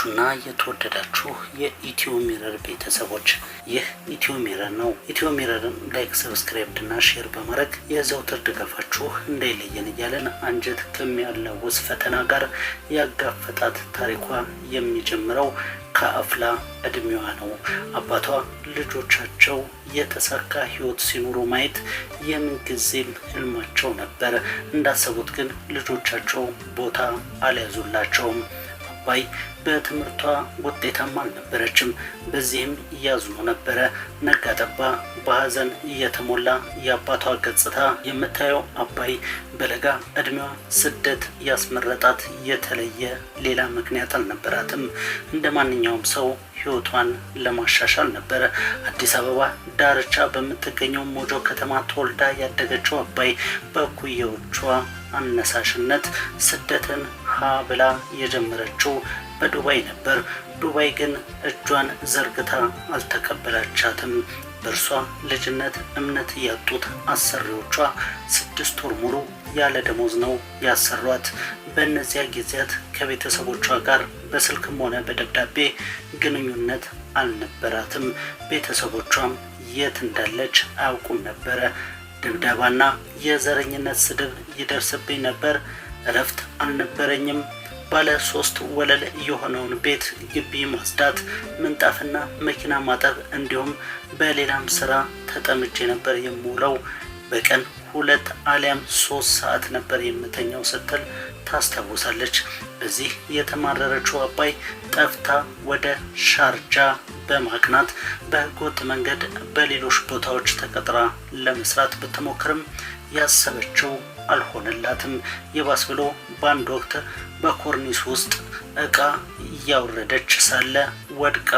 የተከበራችሁና የተወደዳችሁ የኢትዮ ሚረር ቤተሰቦች ይህ ኢትዮ ሚረር ነው። ኢትዮ ሚረርን ላይክ፣ ሰብስክራይብና ሼር በማድረግ የዘውትር ድጋፋችሁ እንዳይለየን እያለን አንጀት ከሚያለውስ ፈተና ጋር ያጋፈጣት ታሪኳ የሚጀምረው ከአፍላ እድሜዋ ነው። አባቷ ልጆቻቸው የተሳካ ህይወት ሲኖሩ ማየት የምንጊዜም ህልማቸው ነበር። እንዳሰቡት ግን ልጆቻቸው ቦታ አልያዙላቸውም። አባይ በትምህርቷ ውጤታማ አልነበረችም። በዚህም እያዝኖ ነበረ። ነጋጠባ በሀዘን እየተሞላ የአባቷ ገጽታ የምታየው አባይ በለጋ እድሜዋ ስደት ያስመረጣት የተለየ ሌላ ምክንያት አልነበራትም። እንደ ማንኛውም ሰው ህይወቷን ለማሻሻል ነበረ። አዲስ አበባ ዳርቻ በምትገኘው ሞጆ ከተማ ተወልዳ ያደገችው አባይ በኩየዎቿ አነሳሽነት ስደትን ሀ ብላ የጀመረችው በዱባይ ነበር። ዱባይ ግን እጇን ዘርግታ አልተቀበላቻትም። በእርሷ ልጅነት እምነት ያጡት አሰሪዎቿ ስድስት ወር ሙሉ ያለ ደሞዝ ነው ያሰሯት። በእነዚያ ጊዜያት ከቤተሰቦቿ ጋር በስልክም ሆነ በደብዳቤ ግንኙነት አልነበራትም። ቤተሰቦቿም የት እንዳለች አያውቁም ነበረ። ድብደባና የዘረኝነት ስድብ ይደርስብኝ ነበር እረፍት አልነበረኝም። ባለ ሶስት ወለል የሆነውን ቤት ግቢ ማጽዳት፣ ምንጣፍና መኪና ማጠብ እንዲሁም በሌላም ስራ ተጠምጄ ነበር የምውለው። በቀን ሁለት አሊያም ሶስት ሰዓት ነበር የምተኛው ስትል ታስታውሳለች። በዚህ የተማረረችው አባይ ጠፍታ ወደ ሻርጃ በማቅናት በህገወጥ መንገድ በሌሎች ቦታዎች ተቀጥራ ለመስራት ብትሞክርም ያሰበችው አልሆነላትም። ይባስ ብሎ በአንድ ወቅት በኮርኒስ ውስጥ እቃ እያወረደች ሳለ ወድቃ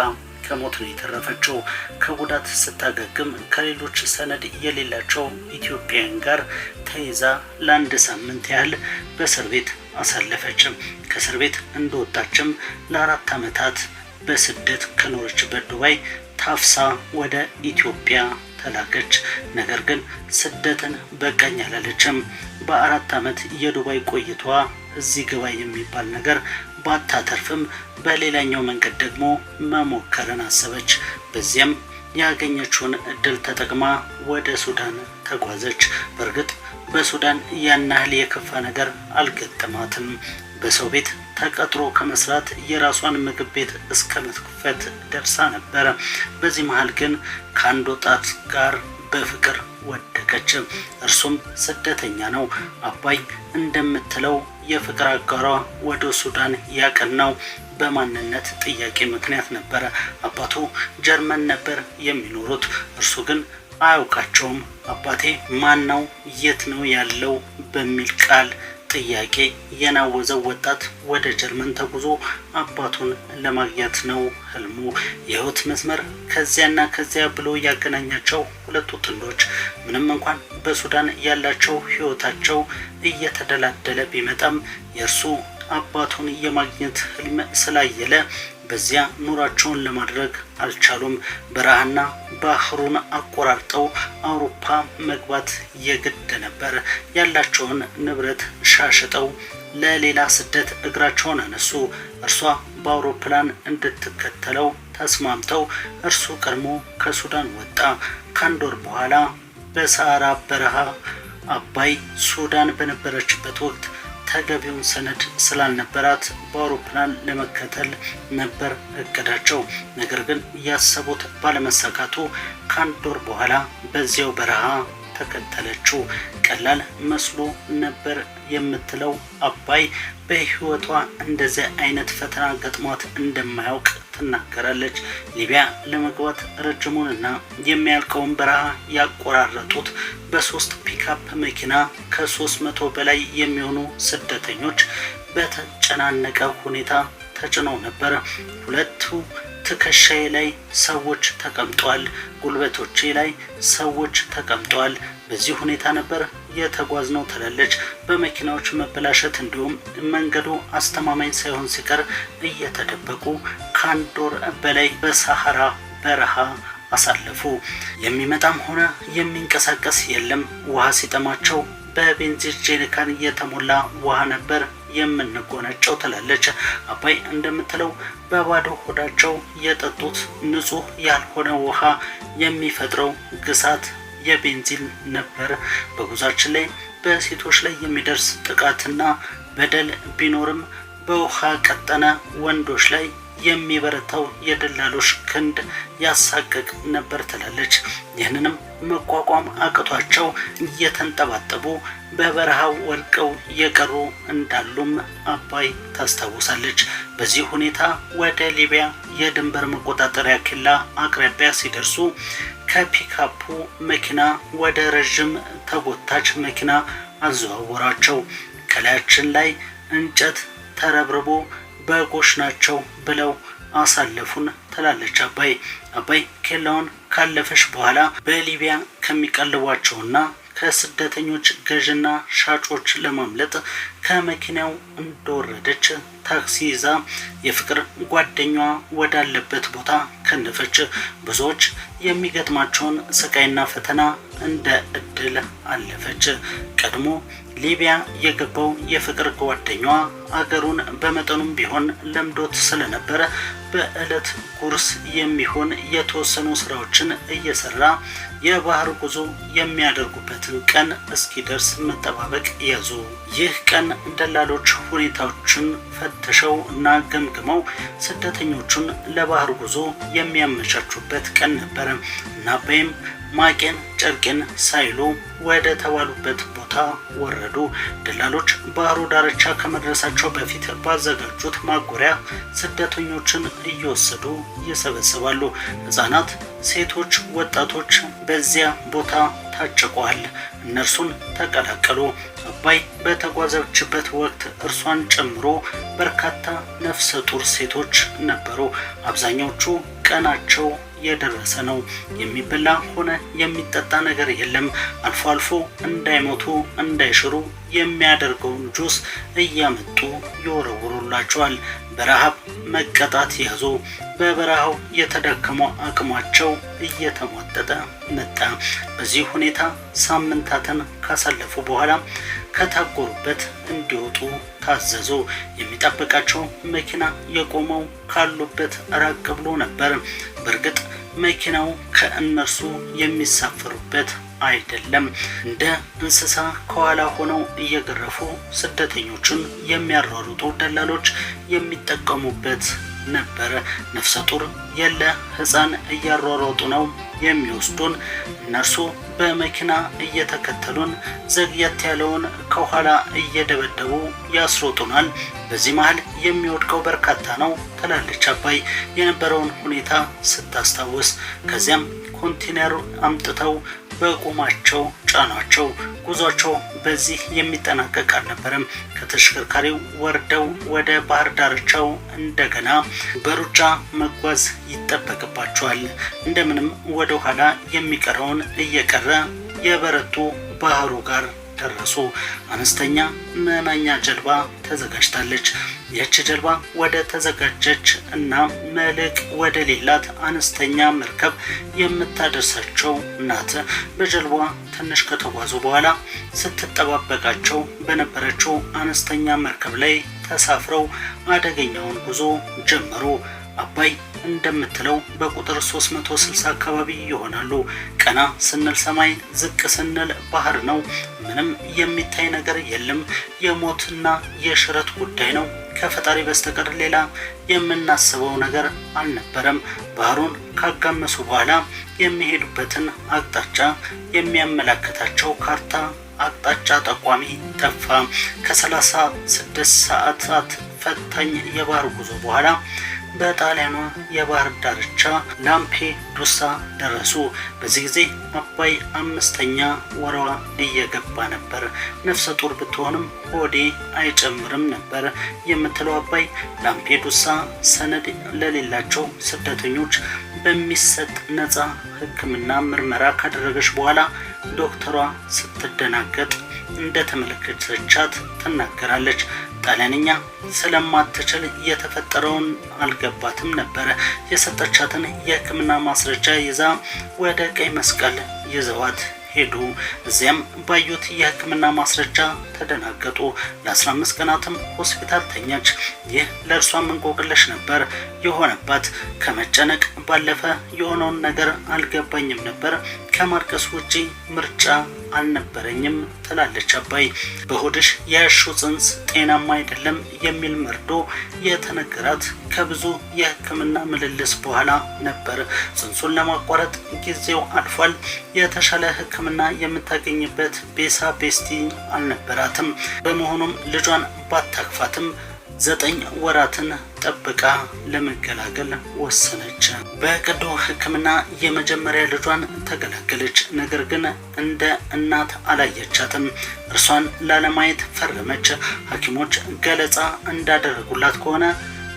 ከሞት ነው የተረፈችው። ከጉዳት ስታገግም ከሌሎች ሰነድ የሌላቸው ኢትዮጵያን ጋር ተይዛ ለአንድ ሳምንት ያህል በእስር ቤት አሳለፈችም። ከእስር ቤት እንደወጣችም ለአራት ዓመታት በስደት ከኖረችበት ዱባይ ታፍሳ ወደ ኢትዮጵያ ተላከች። ነገር ግን ስደትን በቃኝ አላለችም። በአራት ዓመት የዱባይ ቆይቷ እዚህ ግባ የሚባል ነገር ባታተርፍም በሌላኛው መንገድ ደግሞ መሞከርን አሰበች። በዚያም ያገኘችውን እድል ተጠቅማ ወደ ሱዳን ተጓዘች። በእርግጥ በሱዳን ያን ያህል የከፋ ነገር አልገጠማትም። በሰው ቤት ተቀጥሮ ከመስራት የራሷን ምግብ ቤት እስከ መክፈት ደርሳ ነበረ። በዚህ መሀል ግን ከአንድ ወጣት ጋር በፍቅር ወደቀች። እርሱም ስደተኛ ነው። አባይ እንደምትለው የፍቅር አጋሯ ወደ ሱዳን ያቀናው በማንነት ጥያቄ ምክንያት ነበረ። አባቱ ጀርመን ነበር የሚኖሩት። እርሱ ግን አያውቃቸውም። አባቴ ማን ነው? የት ነው ያለው? በሚል ቃል ጥያቄ የናወዘው ወጣት ወደ ጀርመን ተጉዞ አባቱን ለማግኘት ነው ህልሙ። የህይወት መስመር ከዚያና ከዚያ ብሎ ያገናኛቸው ሁለቱ ጥንዶች ምንም እንኳን በሱዳን ያላቸው ህይወታቸው እየተደላደለ ቢመጣም የእርሱ አባቱን የማግኘት ህልም ስላየለ በዚያ ኑሯቸውን ለማድረግ አልቻሉም። በረሃና ባህሩን አቆራርጠው አውሮፓ መግባት የግድ ነበር። ያላቸውን ንብረት ሻሽጠው ለሌላ ስደት እግራቸውን አነሱ። እርሷ በአውሮፕላን እንድትከተለው ተስማምተው እርሱ ቀድሞ ከሱዳን ወጣ። ከአንድ ወር በኋላ በሰሃራ በረሃ አባይ ሱዳን በነበረችበት ወቅት ተገቢውን ሰነድ ስላልነበራት በአውሮፕላን ለመከተል ነበር እቅዳቸው። ነገር ግን ያሰቡት ባለመሳካቱ ከአንድ ወር በኋላ በዚያው በረሃ ተከተለችው። ቀላል መስሎ ነበር የምትለው አባይ በህይወቷ እንደዚያ አይነት ፈተና ገጥሟት እንደማያውቅ ትናገራለች። ሊቢያ ለመግባት ረጅሙንና የሚያልቀውን በረሃ ያቆራረጡት በሶስት ፒካፕ መኪና ከሶስት መቶ በላይ የሚሆኑ ስደተኞች በተጨናነቀ ሁኔታ ተጭነው ነበር። ሁለቱ ትከሻዬ ላይ ሰዎች ተቀምጠዋል፣ ጉልበቶቼ ላይ ሰዎች ተቀምጠዋል። በዚህ ሁኔታ ነበር ነው ትላለች። በመኪናዎች መበላሸት እንዲሁም መንገዱ አስተማማኝ ሳይሆን ሲቀር እየተደበቁ ከአንድ ወር በላይ በሳሃራ በረሃ አሳለፉ። የሚመጣም ሆነ የሚንቀሳቀስ የለም። ውሃ ሲጠማቸው በቤንዚን ጄሪካን የተሞላ ውሃ ነበር የምንጎነጨው ትላለች። አባይ እንደምትለው በባዶ ሆዳቸው የጠጡት ንጹህ ያልሆነ ውሃ የሚፈጥረው ግሳት የቤንዚን ነበር። በጉዟችን ላይ በሴቶች ላይ የሚደርስ ጥቃትና በደል ቢኖርም በውሃ ቀጠነ ወንዶች ላይ የሚበረታው የደላሎች ክንድ ያሳቅቅ ነበር ትላለች። ይህንንም መቋቋም አቅቷቸው እየተንጠባጠቡ በበረሃው ወድቀው የቀሩ እንዳሉም አባይ ታስታውሳለች። በዚህ ሁኔታ ወደ ሊቢያ የድንበር መቆጣጠሪያ ኬላ አቅራቢያ ሲደርሱ ከፒካፑ መኪና ወደ ረዥም ተጎታች መኪና አዘዋወራቸው። ከላያችን ላይ እንጨት ተረብርቦ በጎሽ ናቸው ብለው አሳለፉን ትላለች አባይ። አባይ ኬላውን ካለፈች በኋላ በሊቢያ ከሚቀልቧቸውና ከስደተኞች ገዥና ሻጮች ለማምለጥ ከመኪናው እንደወረደች ታክሲ ይዛ የፍቅር ጓደኛዋ ወዳለበት ቦታ ከነፈች። ብዙዎች የሚገጥማቸውን ስቃይና ፈተና እንደ እድል አለፈች። ቀድሞ ሊቢያ የገባው የፍቅር ጓደኛዋ አገሩን በመጠኑም ቢሆን ለምዶት ስለነበረ በዕለት ጉርስ የሚሆን የተወሰኑ ስራዎችን እየሰራ የባህር ጉዞ የሚያደርጉበትን ቀን እስኪደርስ መጠባበቅ ያዙ። ይህ ቀን ደላሎች ሁኔታዎችን ፈትሸው እና ገምግመው ስደተኞቹን ለባህር ጉዞ የሚያመቻቹበት ቀን ነበረ። ናባይም ማቄን ጨርቄን ሳይሉ ወደ ተባሉበት ቦታ ወረዱ። ደላሎች ባህሩ ዳርቻ ከመድረሳቸው በፊት ባዘጋጁት ማጎሪያ ስደተኞችን እየወሰዱ ይሰበስባሉ። ሕጻናት፣ ሴቶች፣ ወጣቶች በዚያ ቦታ ታጭቋል። እነርሱን ተቀላቀሉ። አባይ በተጓዘችበት ወቅት እርሷን ጨምሮ በርካታ ነፍሰ ጡር ሴቶች ነበሩ። አብዛኛዎቹ ቀናቸው የደረሰ ነው። የሚበላ ሆነ የሚጠጣ ነገር የለም። አልፎ አልፎ እንዳይሞቱ እንዳይሽሩ የሚያደርገውን ጁስ እያመጡ ይወረውሩላቸዋል። በረሃብ መቀጣት ያዙ። በበረሃው የተደከመ አቅማቸው እየተሟጠጠ መጣ። በዚህ ሁኔታ ሳምንታትን ካሳለፉ በኋላ ከታጎሩበት እንዲወጡ ታዘዙ። የሚጠብቃቸው መኪና የቆመው ካሉበት ራቅ ብሎ ነበር። በእርግጥ መኪናው ከእነርሱ የሚሳፈሩበት አይደለም። እንደ እንስሳ ከኋላ ሆነው እየገረፉ ስደተኞቹን የሚያሯሩጡ ደላሎች የሚጠቀሙበት ነበረ። ነፍሰ ጡር የለ ህፃን እያሯሯጡ ነው የሚወስዱን እነርሱ በመኪና እየተከተሉን ዘግየት ያለውን ከኋላ እየደበደቡ ያስሮጡናል። በዚህ መሀል የሚወድቀው በርካታ ነው ትላለች አባይ የነበረውን ሁኔታ ስታስታውስ። ከዚያም ኮንቴነር አምጥተው በቁማቸው ጫኗቸው። ጉዟቸው በዚህ የሚጠናቀቅ አልነበረም። ከተሽከርካሪው ወርደው ወደ ባህር ዳርቻው እንደገና በሩጫ መጓዝ ይጠበቅባቸዋል። እንደምንም ወደ ኋላ የሚቀረውን እየቀረ የበረቱ ባህሩ ጋር ደረሱ። አነስተኛ መናኛ ጀልባ ተዘጋጅታለች። ይህች ጀልባ ወደ ተዘጋጀች እና መልህቅ ወደ ሌላት አነስተኛ መርከብ የምታደርሳቸው ናት። በጀልባ ትንሽ ከተጓዙ በኋላ ስትጠባበቃቸው በነበረችው አነስተኛ መርከብ ላይ ተሳፍረው አደገኛውን ጉዞ ጀመሩ። አባይ እንደምትለው በቁጥር 360 አካባቢ ይሆናሉ። ቀና ስንል ሰማይ ዝቅ ስንል ባህር ነው። ምንም የሚታይ ነገር የለም። የሞትና የሽረት ጉዳይ ነው። ከፈጣሪ በስተቀር ሌላ የምናስበው ነገር አልነበረም። ባህሩን ካጋመሱ በኋላ የሚሄዱበትን አቅጣጫ የሚያመላክታቸው ካርታ አቅጣጫ ጠቋሚ ጠፋ። ከ36 ሰዓታት ፈታኝ የባህር ጉዞ በኋላ በጣሊያኗ የባህር ዳርቻ ላምፔዱሳ ደረሱ። በዚህ ጊዜ አባይ አምስተኛ ወረዋ እየገባ ነበር። ነፍሰ ጡር ብትሆንም ሆዴ አይጨምርም ነበር የምትለው አባይ ላምፔዱሳ ሰነድ ለሌላቸው ስደተኞች በሚሰጥ ነፃ ሕክምና ምርመራ ካደረገች በኋላ ዶክተሯ ስትደናገጥ እንደተመለከተቻት ትናገራለች። ጣሊያንኛ ስለማትችል የተፈጠረውን አልገባትም ነበረ። የሰጠቻትን የሕክምና ማስረጃ ይዛ ወደ ቀይ መስቀል ይዘዋት ሄዱ። እዚያም ባዩት የህክምና ማስረጃ ተደናገጡ። ለ15 ቀናትም ሆስፒታል ተኛች። ይህ ለእርሷም እንቆቅልሽ ነበር የሆነባት። ከመጨነቅ ባለፈ የሆነውን ነገር አልገባኝም ነበር ከማርቀስ ውጪ ምርጫ አልነበረኝም ትላለች አባይ። በሆድሽ የያሹ ጽንስ ጤናማ አይደለም የሚል መርዶ የተነገራት ከብዙ የሕክምና ምልልስ በኋላ ነበር። ጽንሱን ለማቋረጥ ጊዜው አልፏል። የተሻለ ሕክምና የምታገኝበት ቤሳ ቤስቲ አልነበራትም። በመሆኑም ልጇን ባታክፋትም ዘጠኝ ወራትን ጠብቃ ለመገላገል ወሰነች። በቀዶ ሕክምና የመጀመሪያ ልጇን ተገላገለች። ነገር ግን እንደ እናት አላየቻትም። እርሷን ላለማየት ፈረመች። ሐኪሞች ገለጻ እንዳደረጉላት ከሆነ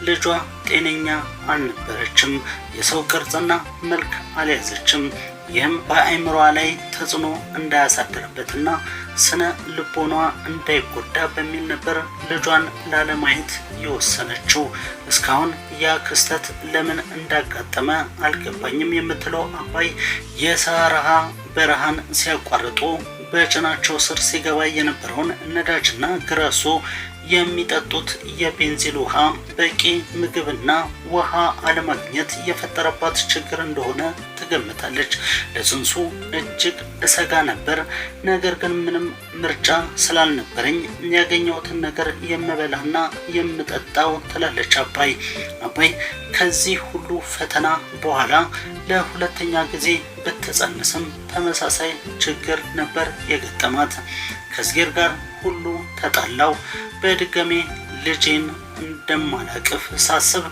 ልጇ ጤነኛ አልነበረችም። የሰው ቅርጽና መልክ አልያዘችም። ይህም በአእምሯ ላይ ተጽዕኖ እንዳያሳድርበትና ስነ ልቦኗ እንዳይጎዳ በሚል ነበር ልጇን ላለማየት የወሰነችው። እስካሁን ያ ክስተት ለምን እንዳጋጠመ አልገባኝም የምትለው አባይ የሰሃራ በረሃን ሲያቋርጡ በጭናቸው ስር ሲገባ የነበረውን ነዳጅና ግራሱ የሚጠጡት የቤንዚል ውሃ በቂ ምግብና ውሃ አለማግኘት የፈጠረባት ችግር እንደሆነ ትገምታለች። ለጽንሱ እጅግ እሰጋ ነበር፣ ነገር ግን ምንም ምርጫ ስላልነበረኝ ያገኘሁትን ነገር የምበላና የምጠጣው ትላለች አባይ። አባይ ከዚህ ሁሉ ፈተና በኋላ ለሁለተኛ ጊዜ ብትጸንስም ተመሳሳይ ችግር ነበር የገጠማት። ከእግዜር ጋር ሁሉ ተጣላው በድጋሜ ልጄን እንደማላቅፍ ሳስብ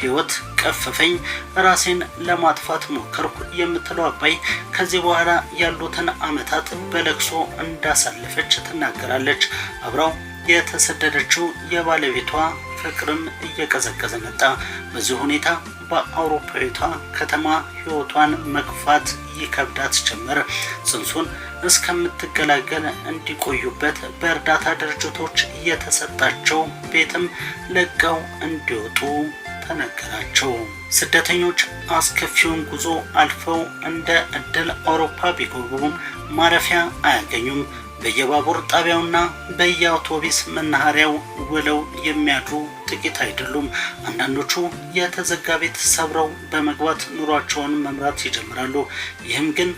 ህይወት ቀፈፈኝ። ራሴን ለማጥፋት ሞከርኩ የምትለው አባይ ከዚህ በኋላ ያሉትን አመታት በለቅሶ እንዳሳለፈች ትናገራለች። አብራው የተሰደደችው የባለቤቷ ፍቅርም እየቀዘቀዘ መጣ። በዚህ ሁኔታ በአውሮፓዊቷ ከተማ ህይወቷን መግፋት ይከብዳት ጀመር። ጽንሱን እስከምትገላገል እንዲቆዩበት በእርዳታ ድርጅቶች የተሰጣቸው ቤትም ለቀው እንዲወጡ ተነገራቸው። ስደተኞች አስከፊውን ጉዞ አልፈው እንደ እድል አውሮፓ ቢጎበኙም ማረፊያ አያገኙም። በየባቡር ጣቢያውና በየአውቶቢስ መናኸሪያው ውለው የሚያድሩ ጥቂት አይደሉም። አንዳንዶቹ የተዘጋ ቤት ሰብረው በመግባት ኑሯቸውን መምራት ይጀምራሉ። ይህም ግን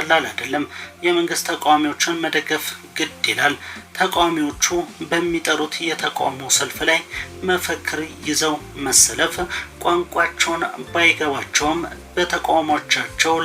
ቀላል አይደለም። የመንግስት ተቃዋሚዎችን መደገፍ ግድ ይላል። ተቃዋሚዎቹ በሚጠሩት የተቃውሞ ሰልፍ ላይ መፈክር ይዘው መሰለፍ ቋንቋቸውን ባይገባቸውም በተቃውሞቻቸው